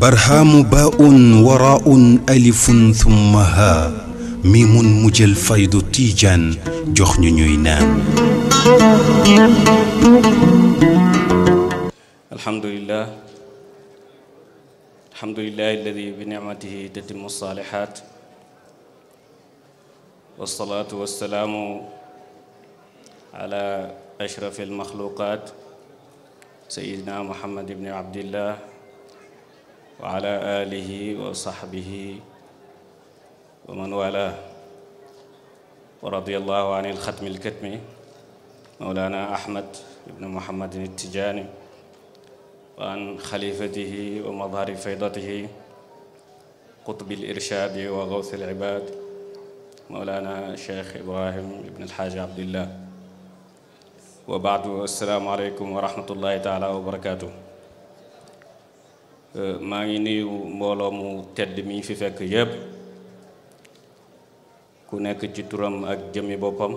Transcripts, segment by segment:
برهام باء وراء ألف ثم ها ميم مجل فيض تيجان جخن نينان الحمد لله الحمد لله الذي بنعمته تتم الصالحات والصلاة والسلام على أشرف المخلوقات سيدنا محمد بن عبد الله وعلى آله وصحبه ومن والاه ورضي الله عن الختم الكتم مولانا أحمد بن محمد التجاني وعن خليفته ومظهر فيضته قطب الإرشاد وغوث العباد مولانا الشيخ إبراهيم بن الحاج عبد الله وبعد السلام عليكم ورحمه الله تعالى وبركاته ما ني مولو مو في فك ييب كو نيك تي تورام اك جيمي بوبام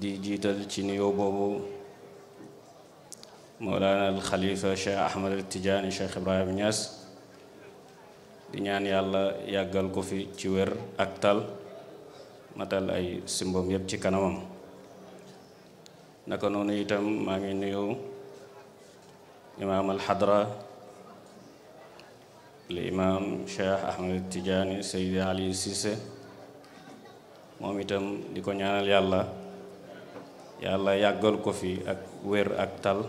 دي جيتال تي مولانا الخليفه شيخ احمد التجاني شيخ ابراهيم نياس دي نيان يالا ياغال كو في تي وير اك تال اي سيمبوم ييب تي naka noonu itam maa ngi nuyu imaam alxadra li imaam cheikh ahmed tijaani seydi ali sise moom itam di ko ñaanal yàlla yàlla yàggal ko fi ak wér ak tal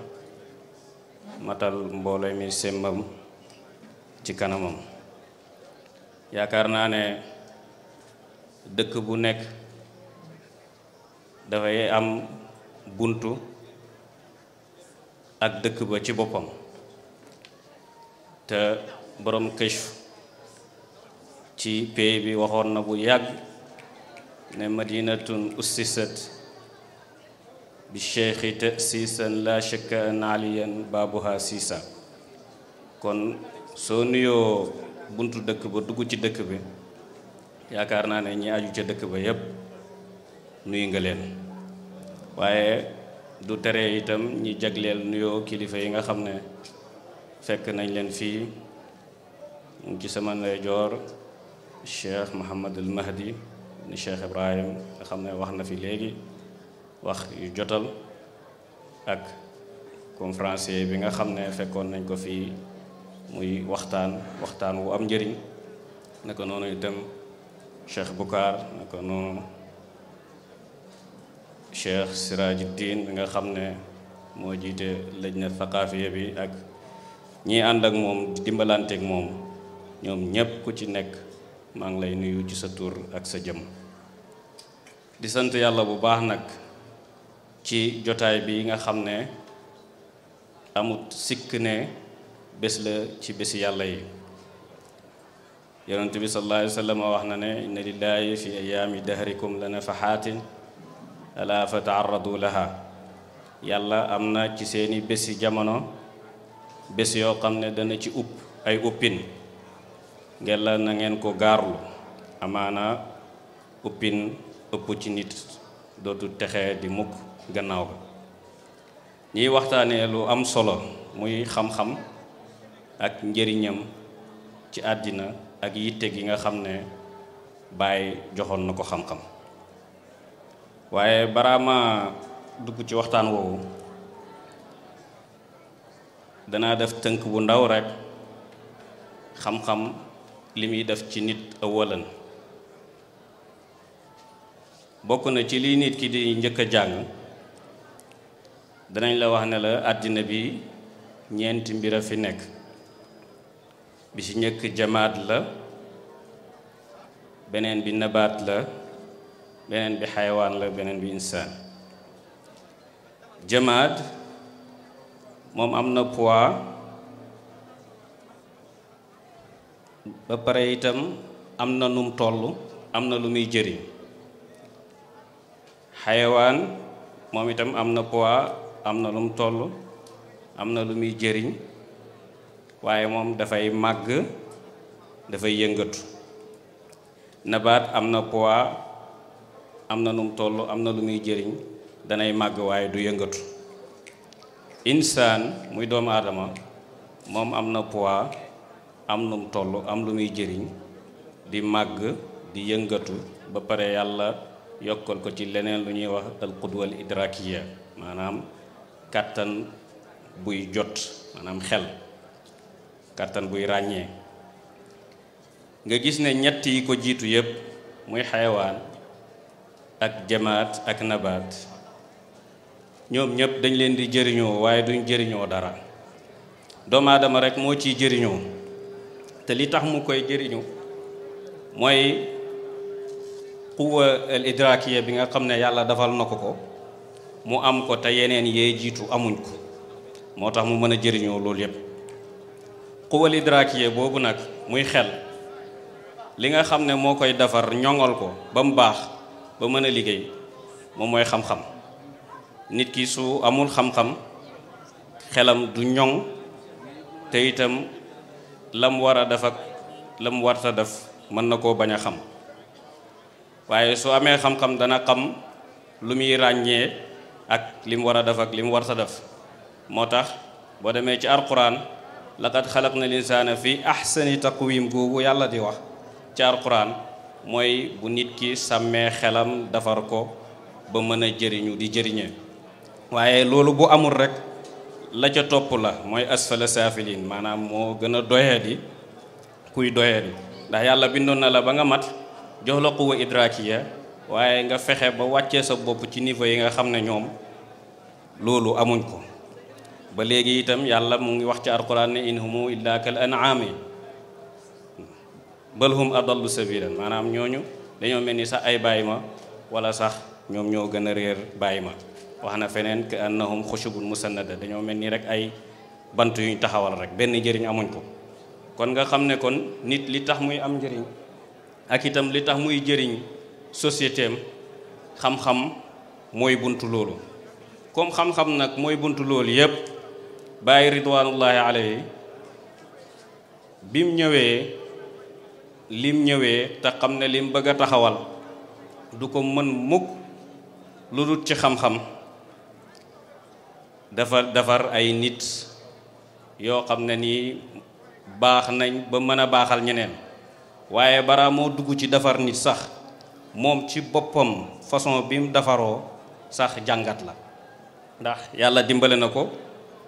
matal mbooloo mi sembam ci kanamam yaakaar naa ne dëkk bu nekk dafay am buntu ak dëkk ba ci boppam te borom këcc ci pay bi waxoon na bu yàgg ne madinatun ussisat bi cheikhi tasiisan la shakka an aliyan baabuha siisa kon soo nuyoo buntu dëkk ba dugg ci dëkk bi yaakaar naa ne ñi aju ca dëkk ba yépp nuyu nga leen waye du tere itam ñi jagleel nuyo kilifa yi nga xamné fekk nañ leen fi ci sama jor cheikh mohammed Mouhamadul Mahdi ni cheikh Ibrahim nga xam wax na fi légui wax yu jotal ak conférencier bi nga xamné fekkon nañ ko fi muy waxtaan waxtaan wu am jëriñ naka nonu itam cheikh bukar naka nonu Cheikh Sirajuddin bi nga xam ne moo jiite na thaqaafiya bi ak ñi ànd ak moom di moom ñoom ñépp ku ci nekk maa ngi lay nuyu ci sa tur ak sa jëm di sant yàlla bu baax nag ci jotaay bi nga xam ne amut sikk ne bés la ci bés yàlla yi yonent bi sallallahu wax na ne inna lillahi fi ayaami dahrikum la nafaxaatin alaa fa taarradu yàlla am na ci seeni bési jamono bés yoo xam ne dana ci upp ay uppin ngella na ngeen ko gaarlu amaana uppin ëpp ci nit dootu texe di mukk gannaaw ba ñiy waxtaanee lu am solo muy xam-xam ak njëriñam ci àddina ak yitte gi nga xam ne bàyyi joxoon na ko xam-xam waaye balaa dugg ci waxtaan woowu danaa def tënk bu ndaw rekk xam-xam li muy def ci nit awalan bokk na ci lii nit ki di njëkk a jàng danañ la wax ne la àddina bi ñeenti mbir a fi nekk bi ci njëkk jamaat la beneen bi nabaat la beneen bi xayawaan la beneen bi insaan jamaad moom am na poids ba pare itam am na num toll am na lu muy jëriñ xayawaan moom itam am na poids am na lum toll am na lu muy jëriñ waaye moom dafay màgg dafay yëngatu nabaat am na poids amna num tollu amna lu muy jeriñ danay mag waaye du yëngatu insaan muy doom adama mom amna poids am num tollu am lu muy jeriñ di mag, di yëngatu ba pare yalla yokol ko ci leneen lu ñuy wax al qudwal idrakiya manam katan buy jot manam xel katan buy ragne nga gis ne ñetti ko jitu yeb muy ak jamaat ak nabaat ñoom ñëpp dañ leen di jëriñoo waaye duñ jëriñoo dara doomu aadama rek moo ciy jëriñoo te li tax mu koy jariñoo mooy quwa al bi nga xam ne yàlla defal na ko ko mu am ko te yeneen yee jiitu amuñ ko moo tax mu mën a jëriñoo loolu yépp quwa al boobu nag muy xel li nga xam ne moo koy defar ñoŋol ko ba mu baax ba mën a liggéey moom mooy xam-xam nit ki su amul xam-xam xelam du ñoŋ te itam la mu war a def ak mu warta def mën na koo bañ a xam waaye su amee xam-xam dana xam lu muy ràññee ak li mu war a def ak li mu warta def moo tax boo demee ci alquran laqad xalaq na linsaana fi ahsani taqwim googu yàlla di wax ci alquran moy bu nit ki samé xélam dafar ko ba mëna jëriñu di jëriñe wayé lolu bu amul rek la ca top la moy asfala safilin manam mo gëna doyé di kuy doyé di ndax yalla bindon na la ba nga mat jox la quwwa idrakiya wayé nga fexé ba waccé sa bop ci niveau yi nga xamné ñom lolu amuñ ko ba légui itam yalla mu ngi wax ci alquran ne illa kal an'ami balhum adallu sabilan maanaam ñooñu dañoo mel ni sax ay bàyyi ma wala sax ñoom ñoo gën a réer bàyyi ma wax na feneen ka annahum xushubun musannada dañoo mel ni rek ay bant yuñ taxawal rek benn njëriñ amuñ ko kon nga xam ne kon nit li tax muy am njëriñ ak itam li tax muy jëriñ société am xam-xam mooy buntu loolu comme xam-xam nag mooy buntu loolu yépp bàyyi ridwanullahi alayhi bim ñëwee lim ñëwee te xam ne lim bëgg a taxawal du ko mën mukk lu dul ci xam-xam dafa defar ay nit yoo xam ne nii baax nañ ba mën a baaxal ñeneen waaye baraamoo dugg ci defar nit sax moom ci boppam façon bi defaroo sax jàngat la ndax yàlla dimbale na ko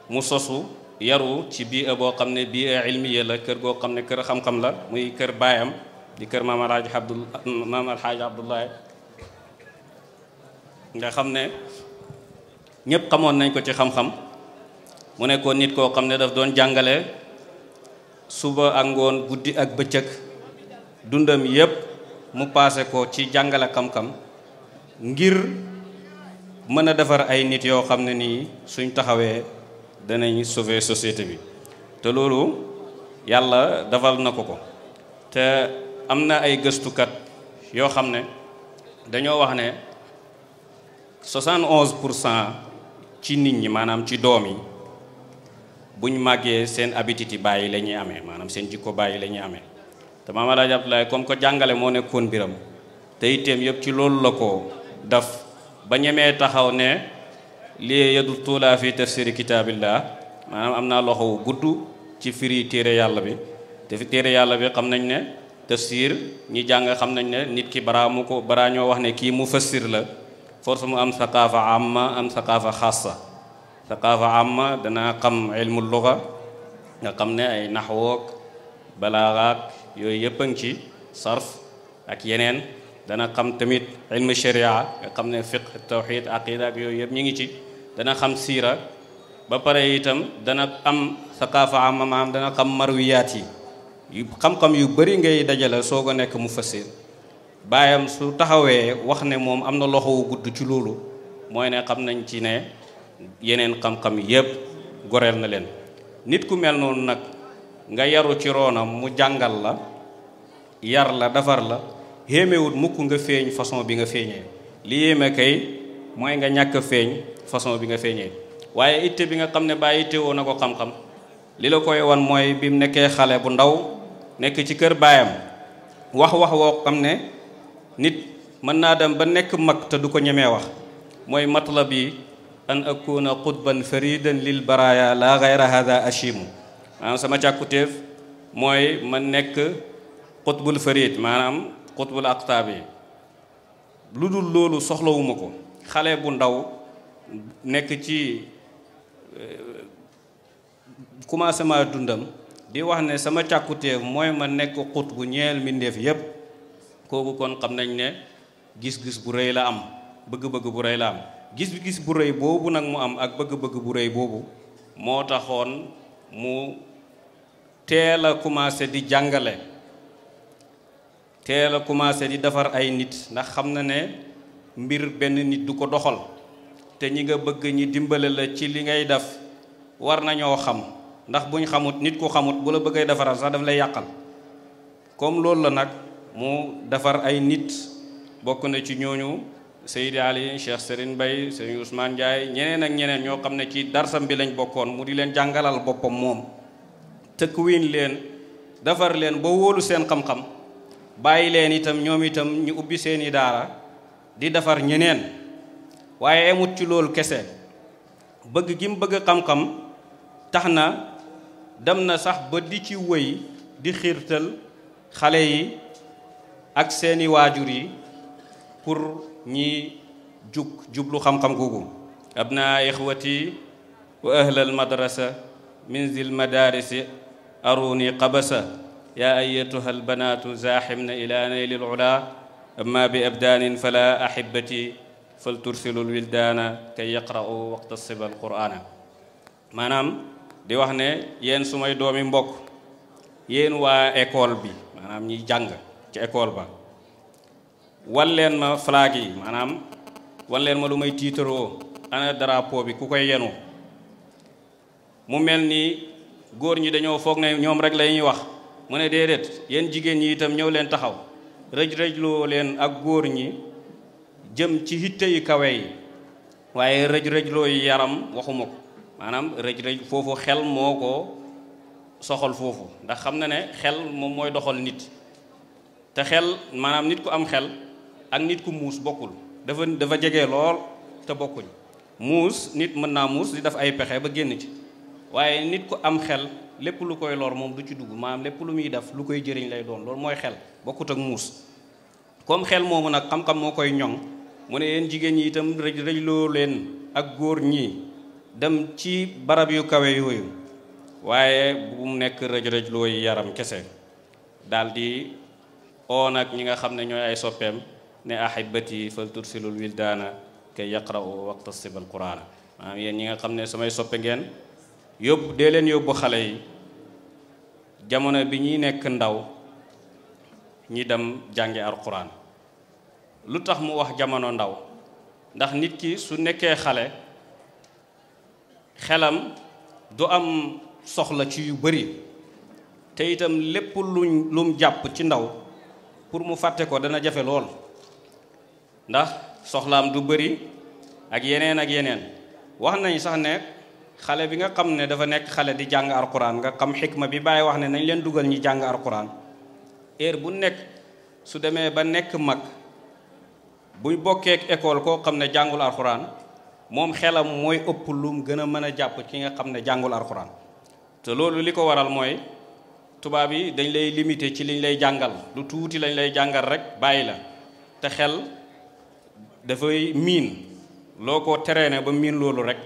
mu sosu yaru ci biir boo xam ne bii ilmiya la kër goo xam ne kër xam-xam la muy kër baayam di kër maam alxaaji abdul maam alxaaji abdullahi nga xam ne ñépp xamoon nañ ko ci xam-xam mu nekkoon nit koo xam ne daf doon jàngale suba ak ngoon guddi ak bëccëg dundam yépp mu paase ko ci jàngale xam-xam ngir mën a defar ay nit yoo xam ne nii suñ taxawee danañ sauver société bi te loolu yàlla defal na ko ko te am na ay gëstukat yoo xam ne dañoo wax ne 71 pour cent ci nit ñi maanaam ci doom yi buñ màggee seen habitude yi bàyyi la ñuy amee maanaam seen jikko bàyyi la ñuy amee te maam Alaaji Abdoulaye comme ko jàngale moo nekkoon biram te itteem yëpp ci loolu la ko daf ba ñemee taxaw ne li yadul tuulaa fi tafsiri kitaabillah maanaam am naa loxo wu gudd ci firi téere yàlla bi te fi téere yàlla bi xam ne tafsir ñi jàng xam ne nit ki baraa ko baraa wax ne kii mu la force mu am saqaafa amma am saqaafa xaasa saqaafa amma dana xam ilmu luga nga xam ne ay naxwoog balaaxaak yooyu yëpp a ci sarf ak yeneen dana xam tamit ilmu sharia nga xam ne fiq tawxid aqida ak yooyu yëpp ñu ngi ci dana xam siira ba pare itam dana am saqaafa am maam dana xam marwiyaat yi xam-xam yu bari ngay dajale soog a nekk mu fassir baayam su taxawee wax ne moom am na loxo wu gudd ci loolu mooy ne xam nañ ci ne yeneen xam-xam yépp goreel na leen nit ku mel noonu nag nga yaru ci roonam mu jàngal la yar la defar la xéemewut mukk nga feeñ façon bi nga feeñee li yéeme kay mooy nga ñàkk feeñ façon bi nga feeñee waaye itte bi nga xam ne bàyyi itte woo na ko xam-xam li la koy wan mooy bi mu nekkee xale bu ndaw nekk ci kër baayam wax wax woo xam ne nit mën naa dem ba nekk mag te du ko ñemee wax mooy matlab yi an akuna qutban faridan lil baraya la gayra hada achimu maanaam sama càkkutéef mooy ma nekk xutbul farid maanaam xutbul aqtaab yi lu dul loolu soxlawuma ko xale bu ndaw nek ci eh, ma dundam di wax ne sama càkkuteef moy ma nek khut bu ñeel mbindeef yépp kooku kon xam nañ gis-gis bu reey la am bëgg-bëgg bu reey la am gis-gis bu reey bobu nak mu am ak bëgg-bëgg bu reey bobu mo taxoon mu teel commencé di jàngale teel commencé di defar ay nit ndax xam na ne mbir ben nit du ko doxal te ñi nga bëgg ñi dimbale la ci li ngay def war nañoo xam ndax buñ xamut nit ku xamut bu la bëggee defaral sax daf lay yàqal comme loolu la nag mu defar ay nit bokk na ci ñooñu Seydi Ali Cheikh Serigne Bay Serigne Ousmane Ndiaye ñeneen ak ñeneen ñoo xam ne ci darsam bi lañ bokkoon mu di leen jàngalal boppam moom tëkkuwin leen defar leen ba wóolu seen xam-xam bàyyi leen itam ñoom itam ñu ubbi seeni daara di defar ñeneen waye amut ci loolu kessé bëgg gi mu bëgg xam-xam taxna na dem na sax ba di ci wëy di xirtal xale yi ak seeni wajur yi pour ñi juk jublu xam-xam googu abna ikhwati wa al madrasa min zil madaris aruni qabasa يا أيتها البنات زاحمن إلى نيل العلا أما بأبدان فلا أحبتي fal tursilul wildaana kay yaqra'u waqta sibal qur'aana maanaam di wax ne yéen su may doomi mbokk yéen waa école bi maanaam ñiy jàng ci école ba wan leen ma flag yi maanaam wan leen ma lu may tiitaroo ana drapeau bi ku koy yenu mu mel ni góor ñi dañoo foog ne ñoom rek la ñuy wax mu ne déedéet yéen jigéen ñi itam ñëw leen taxaw rëj rëjloo leen ak góor ñi jëm ci hitte yu kawe yi waaye rëj-rëj looyu yaram waxuma ko maanaam rëj-rëj foofu xel moo ko soxal foofu ndax xam na ne xel moom mooy doxal nit te xel maanaam nit ku am xel ak nit ku muus bokkul dafa dafa jege lool te bokkuñ muus nit mën naa muus di def ay pexe ba génn ci waaye nit ku am xel lépp lu koy lor moom du ci dugg maanaam lépp lu muy def lu koy jëriñ lay doon loolu mooy xel bokkut ak muus comme xel moomu nag xam-xam moo koy ñoŋ mu ne yéen jigéen ñi itam rëj rëjloo leen ak góor ñi dem ci barab yu kawe yooyu waaye bu mu nekk rëj yaram kese daal di oo nag ñi nga xam ne ñooy ay soppeem ne ahibati fal tursilul wildaana ke yaqra'u waqta sibal quraana maanaam yéen ñi nga xam ne samay soppe ngeen yóbbu dee leen yóbbu xale yi jamono bi ñuy nekk ndaw ñi dem jànge alquran lu tax mu wax jamono ndaw ndax nit ki su nekkee xale xelam du am soxla ci yu bari te itam lépp lu lum jàpp ci ndaw pour mu fàtte ko dana jafe lool ndax soxlaam du bari ak yeneen ak yeneen wax nañ sax ne xale bi nga xam ne dafa nekk xale di jàng alxuraan nga xam xikma bi bàyyi wax ne nañ leen dugal ñi jàng alxuraan heure bu nekk su demee ba nekk mag buy bokkeek école koo xam ne jàngul alxuraan moom xelam mooy ëpp lum gën a mën a jàpp ki nga xam ne jàngul alxuraan te loolu li ko waral mooy tubaab yi dañ lay limité ci liñ lay jàngal lu tuuti lañ lay jàngal rek bàyyi la te xel dafay miin loo ko tere ne ba miin loolu rek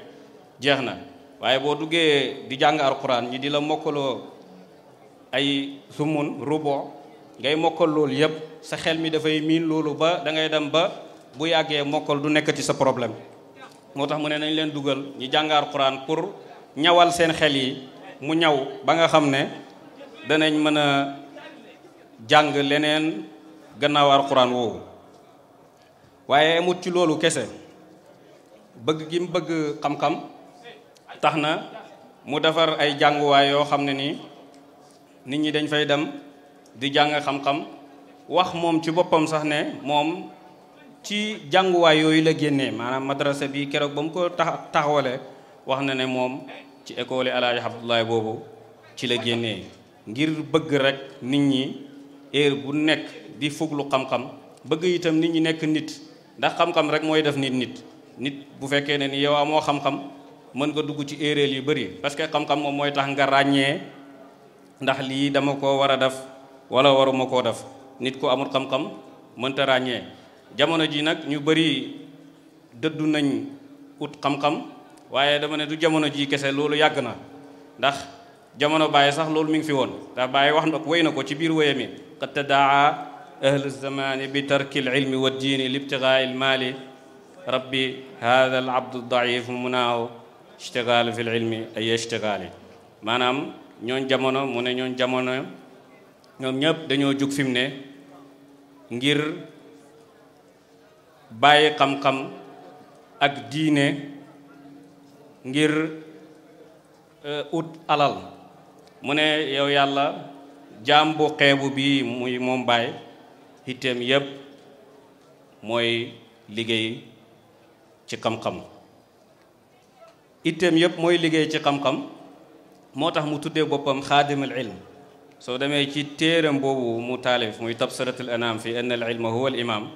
jeex na waaye boo duggee di jàng alxuraan ñi di la mokkaloo ay sumun rubo ngay mokol loolu yeb sa xel mi fay min loolu ba da ngay dem ba bu yagge mokol du ci sa problème motax mu ne nañ leen dugal ñi jangar quran pour ñawal seen xel yi mu ñaw ba nga xamne ne danañ mëna jang jàng leneen gannaaw qur'an wo waye mut ci loolu kese bëgg gi mu bëgg xam-xam taxna mu defar ay jang yoo yo xamne ni nit ñi dañ fay dem di jàng xam-xam wax moom ci boppam sax ne moom ci jànguwaay yooyu la génnee maanaam madrasa bi keroog ba mu ko tax taxawale wax na ne moom ci école alaaji Abdoulaye boobu ci la génnee ngir bëgg rek nit ñi heure bu nekk di fuglu xam-xam bëgg itam nit ñi nekk nit ndax xam-xam rek mooy def nit nit nit bu fekkee ne ni yow amoo xam-xam mën nga dugg ci erreur yi bëri parce que xam-xam moom mooy tax nga ràññee ndax lii dama ko war a def wala waruma koo def nit ku amul xam-xam mënta ràññee jamono ji nag ñu bëri dëddu nañ ut xam-xam waaye dama ne du jamono ji kese loolu yàgg na ndax jamono Baye sax loolu mi ngi fi woon ndax Baye wax na ko wéy na ko ci biir wéyam yi qad tadaa ahlu zamani bi tarki l ilmi wa diini libtigaa il maali rabbi hada al abdu daif munaahu ishtigaal fi l ay ishtigaali maanaam ñoon jamono mu ne ñoon jamono ñoom ñëpp dañoo jug fi mu ne ngir bàyyi xam-xam ak diine ngir euh, ut alal mu ne yow yàlla jaam bu xeebu bi muy moom baay itteem yépp mooy liggéey ci xam-xam itteem yépp mooy liggéey ci xam-xam moo tax mu tuddee boppam xaadimul ilm soo demee ci téeram boobu mu taalif muy tabsaratul anam fi anna al ilma huwa al imam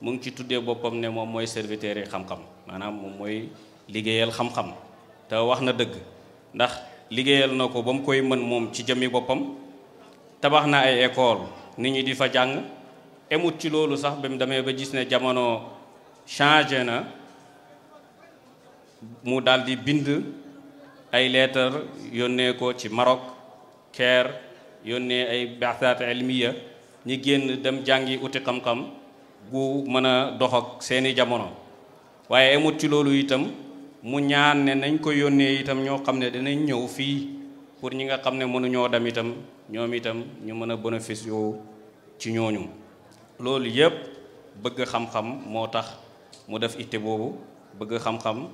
mu ngi ci tuddee boppam ne moom mooy serviteur yi xam-xam maanaam moom mooy liggéeyal xam-xam te wax na dëgg ndax liggéeyal na ko ba mu koy mën moom ci jëmmi boppam tabax na ay école nit ñi di fa jàng emut ci loolu sax ba mu demee ba gis ne jamono changé na mu daal di bind ay leetar yónnee ko ci Maroc Caire yónnee ay baaxaat ilmiya ñi génn dem jàngi uti xam-xam gu mën a dox ak seeni jamono waaye amut ci loolu itam mu ñaan ne nañ ko yónnee itam ñoo xam ne dinañ ñëw fii pour ñi nga xam ne mënuñoo dem itam ñoom itam ñu mën a bénéfice yoo ci ñooñu loolu yépp bëgg xam-xam moo tax mu def itte boobu bëgg xam-xam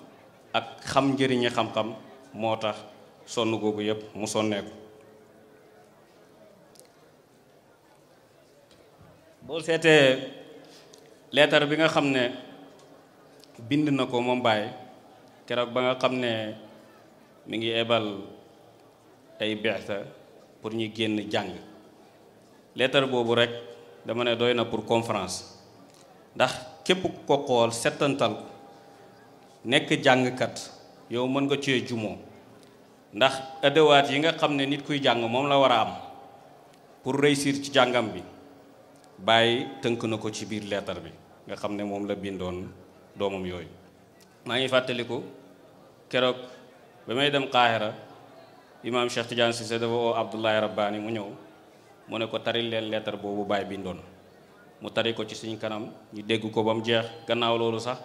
ak xam njëriñi xam-xam moo tax sonn googu yépp mu sonneeku boo seetee leetar bi nga xam ne bind na ko moom Baye keroog ba nga xam ne mu ngi ebal ay beexta pour ñu génn jàng leetar boobu rek dama ne doy na pour conférence ndax képp ko xool settantal ko nekk jàngkat yow mën nga cee jumoo ndax ëddawaat yi nga xam ne nit kuy jàng moom la war a am pour réussir ci jàngam bi bay teunk nako ci bir leetar bi nga xamne mom la bindon doomam yoy ma ngi fàttaliku keroog ba may dem qahira imam Cheikh Tidiane Cissé dafa o Rabbani mu ñew mu ne ko taril leen leetar boobu bay bindon mu tari ko ci suñu kanam ñu dégg ko bam jeex gannaaw lolu sax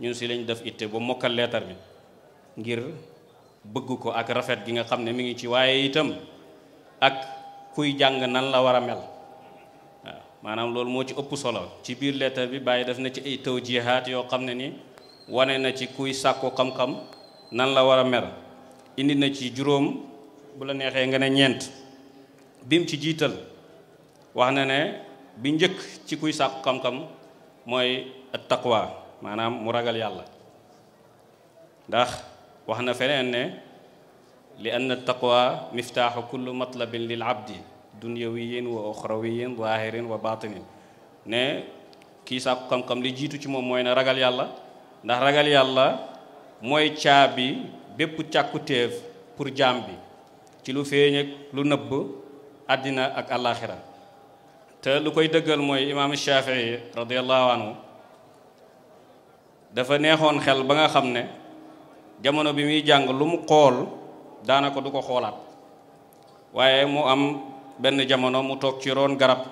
ñun si lañ def itte mokal bi ngir bëgg ko ak rafet gi nga xamne mi ngi ci waye itam ak kuy jang nan la wara mel manam loolu mo ci upp solo ci biir lettre bi baye def na ci ay taw jihaat yoo xam ni wane na ci kuy sàkku xam-xam nan la wara mer indi na ci juróom bu la nexé nga ne ñent bim ci jital wax na ne bi njëkk ci kuy sàkku xam-xam moy at taqwa manam mu ragal yàlla ndax wax na feneen ne li ann taqwa miftahu kullu matlabin lil abdi dunyawiyin wa oxrawiyin zahirin wa batinin ne kii sàkku xam-xam li jiitu ci moom mooy ne ragal yàlla ndax ragal yàlla mooy caabi bépp càkkutéef pour jaam bi ci lu feeñ lu nëbb àddina ak àllaaxira te lu koy dëggal mooy imaam Shafii radiallahu anhu dafa neexoon xel ba nga xam ne jamono bi muy jàng lu mu xool daana ko du ko xoolaat waaye mu am ben jamono mu tok ci ron garab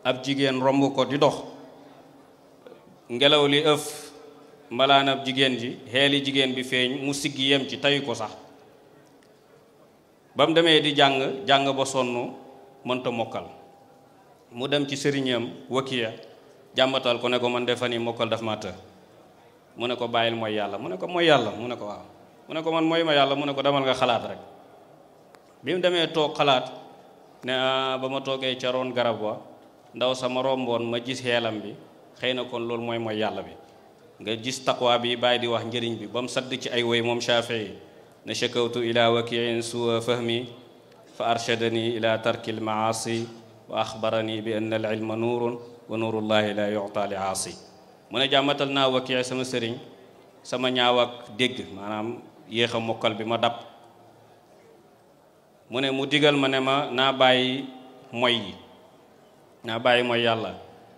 ab jigen rombo ko di dox ngelaw li malana ab jigen ji heli jigen bi feñ mu sigi yem ci tay ko sax bam mu di jang jang ba mën ta mokal mu dem ci serignam wakiya ko ne ko man defani mokal daf ma të mu ne ko bayil moy yalla mu ne ko moy yalla mu ne ko waaw mu ne ko man moy ma yalla mu ne ko damal nga xalaat rek bimu tok ne ba ma toogee ca roon garab wa ndaw sama rombon ma gis helam bi xeyna kon lol moy moy yàlla bi nga gis taqwa bi bay di wax njëriñ bi bam sadd ci ay way mom Shafii ne shakawtu ila waqi'in suwa fahmi fa arshadani ila tarki ma'asi wa akhbarani bi anna al ilma nurun wa nuru allah la yuta li 'asi mune ne jàmmatal naa sama serign sama ñaaw ak dégg maanaam yéex a bi ma dab mu ne mu digal ma ne ma naa bàyyi moy yi naa bàyyi mooy yàlla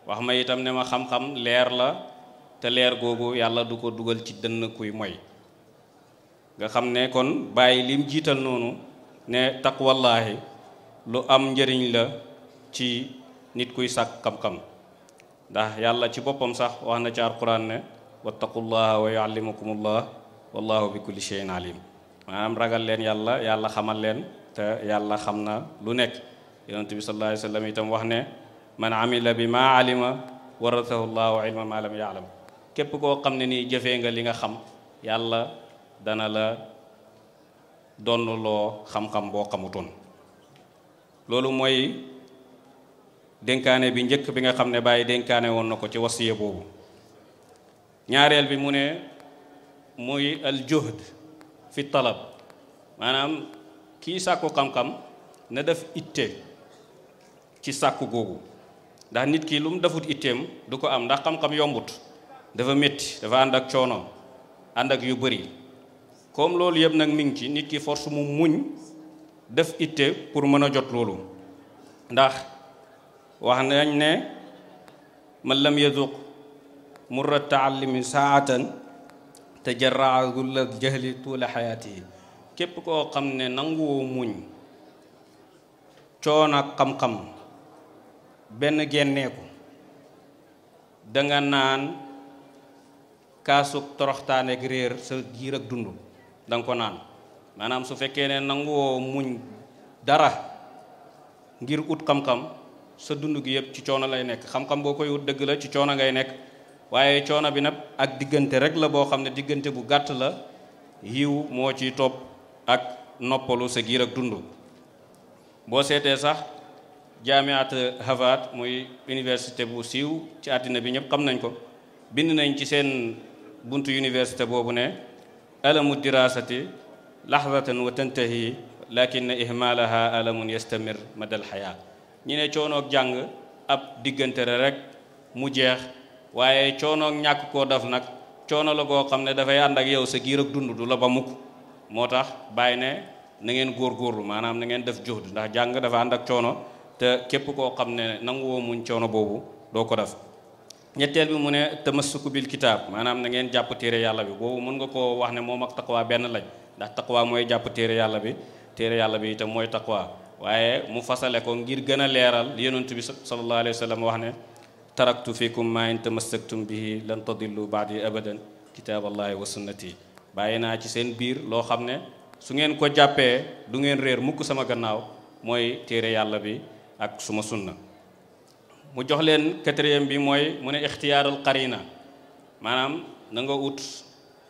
wax ma itam ne ma xam-xam leer la te leer googu yàlla du ko dugal ci dënn kuy moy nga xam ne kon bàyyi lim jiital noonu ne taqwallaahi lu am njëriñ la ci nit kuy sàkk xam-xam ndax yàlla ci boppam sax wax na ci alquran ne wattaqullaha wa yuallimukumullah wallahu bi kulli shay'in alim maanaam ragal leen yàlla yàlla xamal leen te yàlla xam na lu nekk yonent bi sallallahu alayhi sallam itam wax ne man amila bi maa alima warathahu llahu ilman maa lam yaalam képp koo xam ne nii jëfee nga li nga xam yàlla dana la donnloo xam-xam boo xamutoon loolu mooy dénkaane bi njëkk bi nga xam ne bàyyi dénkaane woon na ko ci wasiya boobu ñaareel bi mu ne muy al juhd fi talab maanaam kii sàkku xam-xam na def itte ci sàkku googu ndax nit ki lu mu defut itteem du ko am ndax xam-xam yombut dafa metti dafa ànd ak coono ànd ak yu bëri comme loolu yëpp nag mi ngi ci nit ki force mu muñ def itte pour mën a jot loolu ndax wax nañ ne man lam yazuq murra taallimi saatan tajarraa gulla jahli tuula xayaati yi képp koo xam ne nanguwoo muñ coon ak xam-xam benn génneeku danga naan kaasu toroxtaane ak réer sa giir ak dund danga ko naan maanaam su fekkee ne nanguwoo muñ dara ngir ut xam-xam sa dund gi yëpp ci coono lay nekk xam-xam boo koy wut dëgg la ci coono ngay nekk waaye coono bi nag ak diggante rek la boo xam ne diggante bu gàtt la yiw moo ciy topp ak noppalu sa giir ak dund boo seetee sax jaamiat Harvard muy université bu siiw ci àddina bi ñëpp xam nañ ko bind nañ ci seen buntu université boobu ne alamu dirasati lahzatan wa tantahi lakin ihmalaha alamun yastamir madal xayaa ñi ne coonoog jàng ab diggante la rek mu jeex waaye coonoog ñàkk koo def nag coono la koo xam ne dafay ànd ak yow sa giir ak dund du la ba mukk moo tax bàyyi ne na ngeen góorlu maanaam na ngeen def juhd ndax jàng dafa ànd ak coono te képp koo xam ne nanguwoo muñ coono boobu doo ko def ñetteel bi mu ne tamassuku bil kitaab maanaam na ngeen jàpp téere yàlla bi boobu mën nga koo wax ne moom ak taqwa benn lañ ndax taqwa mooy jàpp téere yàlla bi téere yàlla bi itam mooy taqwa waaye mu fasale ko ngir gën a leeral yenoon yonent bi sallallahu alayhi wa sallam wax ne taraktu fikum ma in tamassaktum bihi lan tadillu baadi abadan kitaaballahi wa sunnati bàyyi naa ci seen biir loo xam ne su ngeen ko jàppee du ngeen réer mukk sama gannaaw mooy téere yàlla bi ak suma sunna mu jox leen quatrième bi mooy mu ne ixtiyaarul qarina maanaam nanga nga ut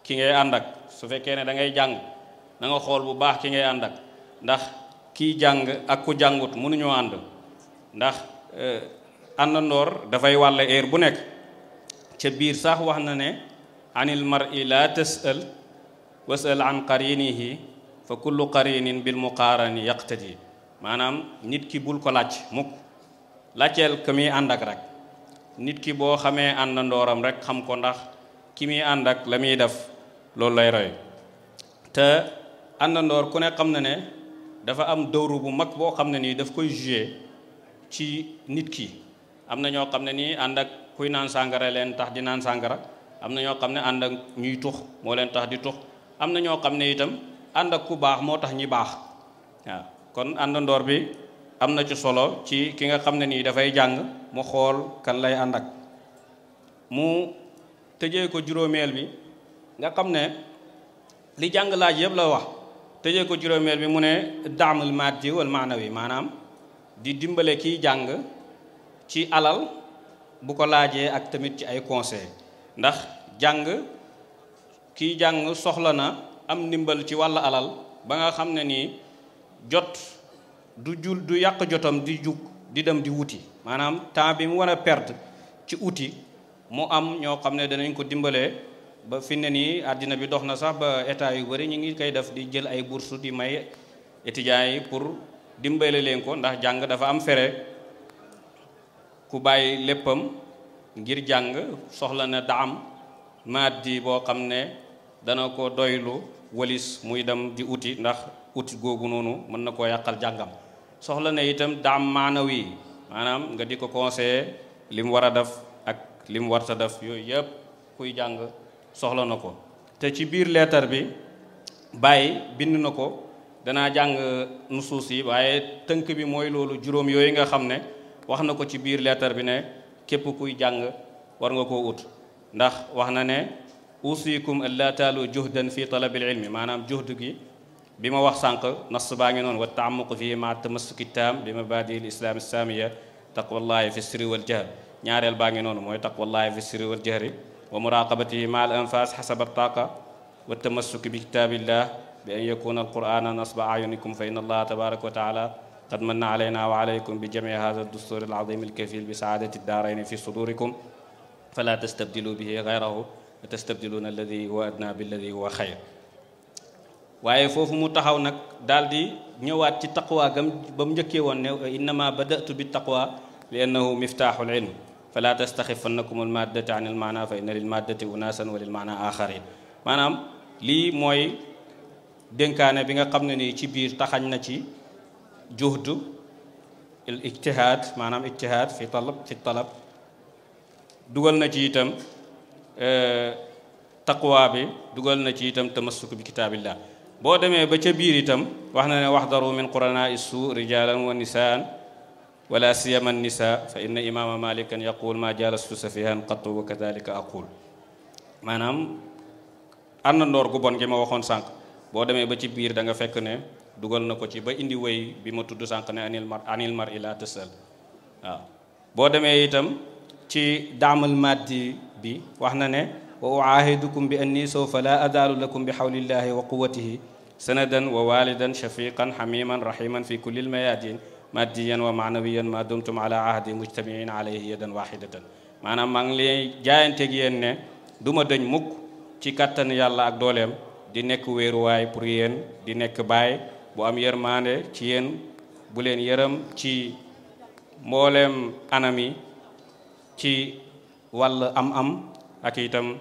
ki ngay ànd ak su fekkee ne dangay jàng na xool bu baax ki ngay ànd ak ndax kiy jàng ak ku jàngut mënuñoo ànd ndax e, àndandoor dafay wàlle heure bu nekk ca biir sax wax na ne anil mar'i la tasal wasal an qarinihi fa kullu qarinin bil muqaarani yaqtadi maanaam nit ki bul ko laaj mukk laajteel ki muy ànd ak rek nit ki boo xamee àndandooram rek xam ko ndax ki muy ànd ak la muy def loolu lay roy te àndandoor ku ne xam na ne dafa am dawru bu mag boo xam ne nii daf koy jugé ci nit ki am na ñoo xam ne nii ànd ak kuy naan sàngara leen tax di naan sàngara am na ñoo xam ne ànd ak ñuy tux moo leen tax di tux am na ñoo xam ne itam ànd ak ku baax moo tax ñi baax waaw kon àndandoor bi am na ci solo ci ki nga xam ne nii dafay jàng mu xool kan lay ànd ak mu tëjee ko juróomeel bi nga xam ne li jàng laaj yëpp la wax tëjee ko juróomeel bi mu ne daamul maddi wal maanawi maanaam di dimbale kiy jàng ci alal bu ko laajee ak tamit ci ay conseil ndax jàng Kijang jang soxla na am nimbal ci wala alal ba nga xamne ni duju jot du jul du yak jotam di juk di dem di wuti manam temps bi mu wara perdre ci uti mu am ño xamne dañ ko dimbalé ba fi ne nii àddina bi doxna sax ba état yu bari ñi ngi kay def di jël ay bourse di may étudiants yi pour dimbale len ko ndax jang dafa am fere ku lepem leppam ngir jang soxla na da'am maaddi boo xam ne dana ko doylu walis muy dem di wuti ndax uti googu noonu mën na koo yàqal jàngam soxla na itam daam maanawi maanaam nga di ko conseiller li mu war a def ak li mu warta def yooyu yëpp kuy jàng soxla na ko te ci biir leetar bi bàyyi bind na ko danaa jàng nusuus yi waaye tënk bi mooy loolu juróom yooyu nga xam ne wax na ko ci biir leetar bi ne képp kuy jàng war nga koo ut ndax wax na ne usikum an laa taalu juhdan fi talabi ilmi maanaam juhdu gi bi ma wax sànq nas baa ngi noonu wa taamuqu fii ma tamassuki taam bi mabaadi l islam islaamia taqwallahi fi sirri wal jahr ñaareel baa ngi noonu mooy taqwallahi fi sirri wal jahri wa muraqabatihi ma al anfas xasaba taqa wa tamassuki bi kitabillah bi an yakuna alqurana nasba ayunikum fa inna allaha tabaraka wa taala قد من علينا وعليكم بجميع هذا الدستور العظيم الكفيل بسعادة الدارين في صدوركم فلا تستبدلوا به غيره تستبدiluna alladi huwa adna billadi huwa xayr waaye foofu mu taxaw nag daal di ñëwaat ci taqwa gam ba mu njëkkee woon ne innama badatu bi taqwa li annahu miftaaxu lilm fala tastaxifannakum almaddata an almaana fa inna lilmaddati unaasan wa lilmaana axarin maanaam lii mooy dénkaane bi nga xam ne nii ci biir taxañ na ci juhdu al ijtihaad maanaam ijtihaad fi talab fi talab dugal na ci itam taqwa bi dugal na ci itam tamassuk bi kitaabillah boo demee ba ca biir itam wax na ne waxdaru min quranaa issu rijalan wa nisaan wala siyama nisa fa inna imaama malikan yaqul ma jalastu safihan qattu wa kadalika aqul maanaam àndandoor gu bon gi ma waxoon sànq boo demee ba ci biir da nga fekk ne dugal na ko ci ba indi wéy bi ma tudd sànq ne anil mar anil mar ila tasal waaw boo demee itam ci daamul maddi bi wax na ne wa uaahidukum bi anni sawfa la adaalu lakum bi xawlillahi wa quwatihi sanadan wa walidan shafiqan xamiman rahiman fi kulli lmayadin maddiyan wa maanawiyan ma dumtum ala ahdi mujtamiin alayhi yadan waxidatan maanaam maa ngi lay jaayanteeg yéen ne du ma dëñ mukk ci kattan yàlla ak dooleem di nekk wéeruwaay pour yéen di nekk baay bu am yërmaande ci yéen bu leen yërëm ci mboolem anam yi ci wàll am-am ak itam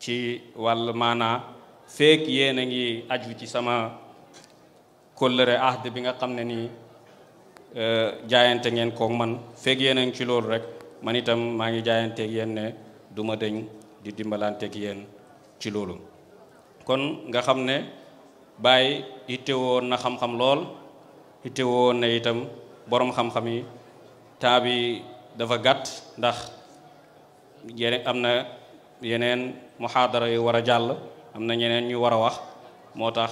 ci wàll maanaa feek yéen a ngi aju ci sama kóllëre ahd bi nga xam ne nii e, jaayante ngeen kook man feek yéen a ngi ci loolu rek man itam maa ngi jaayanteeg yéen ne du ma dëñ di dimbalanteeg yéen ci loolu kon nga xam ne Baay ittewoon na xam-xam lool ittewoon na itam boroom xam-xam yi temps dafa gàtt ndax yeneen am na yeneen muhaadara yu war a jàll am na ñeneen ñu war a wax moo tax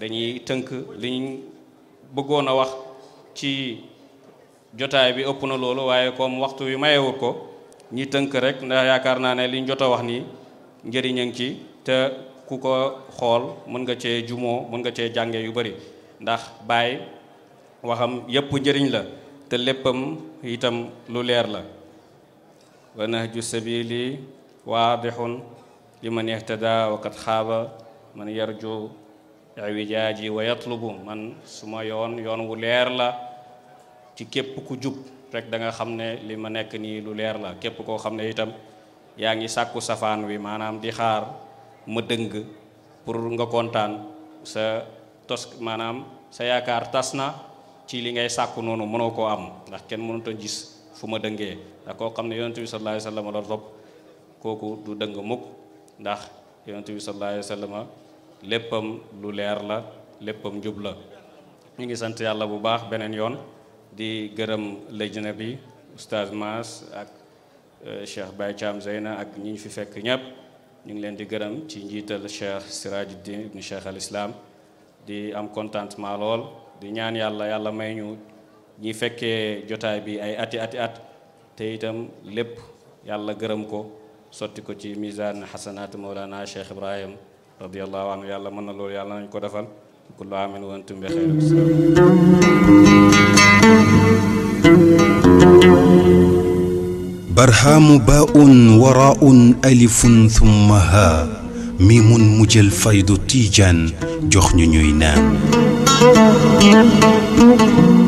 dañuy tënk liñ bëggoon a wax ci jotaay bi ëpp na loolu waaye comme waxtu wi mayewut ko ñi tënk rek ndax yaakaar naa ne liñ jot a wax nii njëriñ a ngi ci te ku ko xool mën nga cee jumoo mën nga cee jànge yu bari ndax Baay waxam yépp njëriñ la te hitam itam lu leer la wa nahju sabili wadihun liman ihtada wa qad khaba man yarju iwijaji wa yatlubu man suma yon yon wu leer la ci kep ku jup rek da nga xamne ne li ma nekk nii lu leer la kep ko xamne itam yaangi sakku safan wi manam di xaar ma deung pour nga contane sa tos manam sa yaakaar tasna ci li ngay sàkku noonu mënoo koo am ndax kenn mënut a gis fu ma dëngee ndax koo xam ne yonent bi sallallahu alayhi la rob kooku du dëng mukk ndax yonent bi sallallahu alayhi léppam lu leer la léppam njub la ñu ngi sant yàlla bu baax beneen yoon di gërëm legendary, bi oustaz Mass ak eh, Cheikh bay cham Zeyna ak ñi ñu fi fekk ñépp ñu ngi leen di gërëm ci njiital Cheikh Sirajuddin ibn Cheikh al Islam di am contentement lool di ñaan yàlla yàlla may ñu ñi fekkee jotaay bi ay ati ati at te itam lépp yàlla gërëm ko sotti ko ci misaan xasanaat mawlana cheikh ibrahim radiallahu anhu yàlla mën na loolu yàlla nañ ko defal kullu amin wa antum bi برهام باء وراء ألف ثم ها ميم مجل فيض تيجان جخن نينان Thank you.